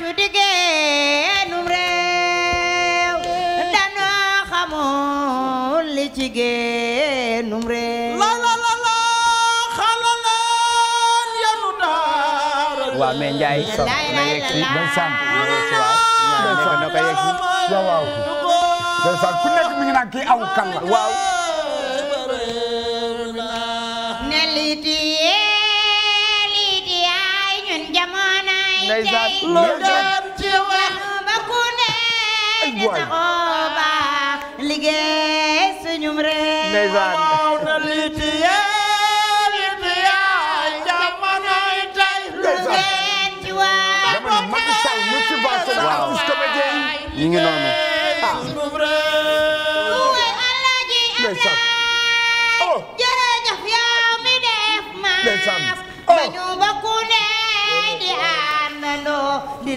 tu diggéenum réew danoo xamul li ci géenum réew la la la la xalaleen yanu daara waaw mais Njaay na yegsi ban sam na ko yegsi waaw waaw ndeysaan ku nekk mi ngi naan kii aw kan la waaw ne liti ndeysaan lu doon ci wax ba ku nekk saxoo ba liggéey suñum réew na li ci yéen li yaay lu ngeen ci wax ba Macky Sall ñu subventionné artiste comédien yi ñu ngi noonu ah. oh. mi def maas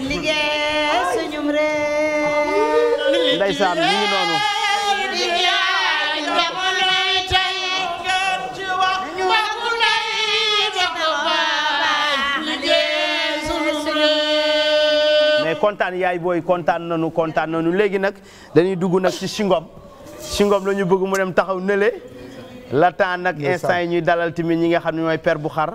di liggéey suñum réew. ndeysaan mi ngi noonu. mais kontaan yaay booy kontaan nañu kontaan noonu léegi nag dañuy dugg nag ci Singom Singom la ñu bëgg mu dem taxaw nële. la temps nag instant yi ñuy dalal tamit ñi nga xam ne mooy per bu xar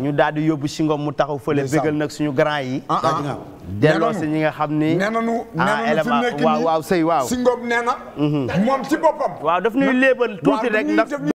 ñu daal di yóbbu si ngom mu taxaw fële bégal nag suñu grand yi ah, ah. delloo si ñi nga xam ni nee nañu ah, élément waaw waaw sëy waaw si ngom nee na mhm. moom si boppam waaw daf ñuy léebal tuuti rek